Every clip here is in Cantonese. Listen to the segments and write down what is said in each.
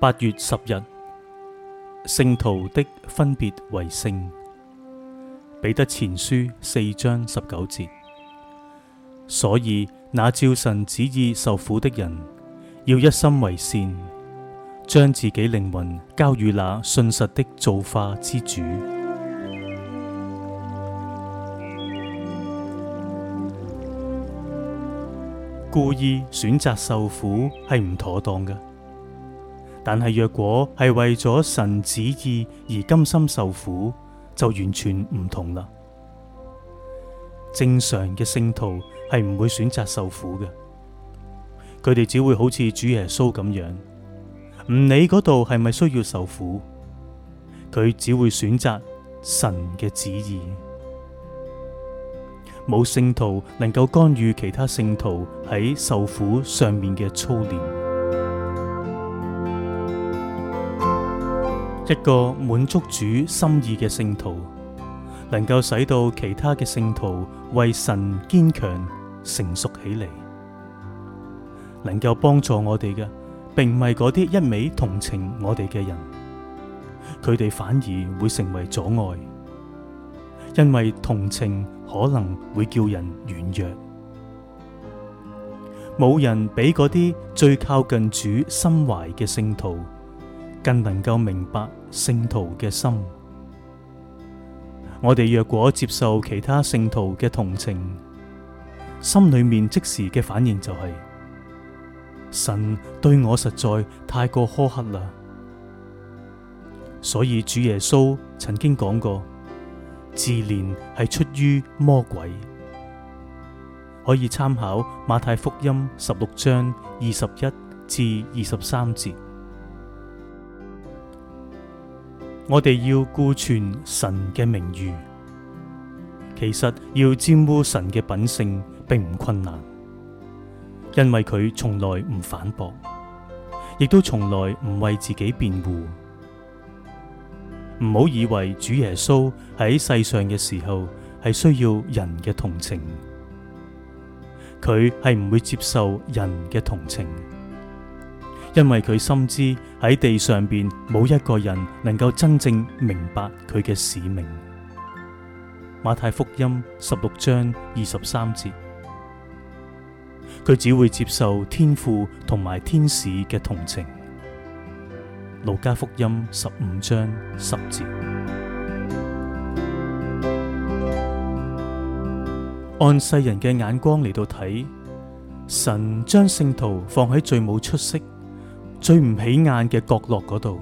八月十日，聖徒的分別為聖，彼得前書四章十九節。所以那照神旨意受苦的人，要一心為善，將自己靈魂交予那信實的造化之主。故意選擇受苦係唔妥當嘅，但係若果係為咗神旨意而甘心受苦，就完全唔同啦。正常嘅聖徒係唔會選擇受苦嘅，佢哋只會好似主耶穌咁樣，唔理嗰度係咪需要受苦，佢只會選擇神嘅旨意。冇聖徒能夠干預其他聖徒喺受苦上面嘅操練。一個滿足主心意嘅聖徒，能夠使到其他嘅聖徒為神堅強成熟起嚟。能夠幫助我哋嘅，並唔係嗰啲一味同情我哋嘅人，佢哋反而會成為阻礙。因為同情可能會叫人軟弱，冇人比嗰啲最靠近主心懷嘅聖徒更能夠明白聖徒嘅心。我哋若果接受其他聖徒嘅同情，心裏面即時嘅反應就係神對我實在太過苛刻啦。所以主耶穌曾經講過。自憐係出於魔鬼，可以參考馬太福音十六章二十一至二十三節。我哋要顧全神嘅名譽，其實要玷污神嘅品性並唔困難，因為佢從來唔反駁，亦都從來唔為自己辯護。唔好以為主耶穌喺世上嘅時候係需要人嘅同情，佢係唔會接受人嘅同情，因為佢深知喺地上邊冇一個人能夠真正明白佢嘅使命。馬太福音十六章二十三節，佢只會接受天父同埋天使嘅同情。路加福音十五章十節，按世人嘅眼光嚟到睇，神將聖徒放喺最冇出息、最唔起眼嘅角落嗰度，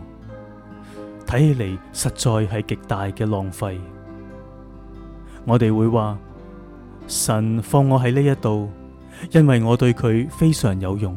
睇起嚟實在係極大嘅浪費。我哋會話，神放我喺呢一度，因為我對佢非常有用。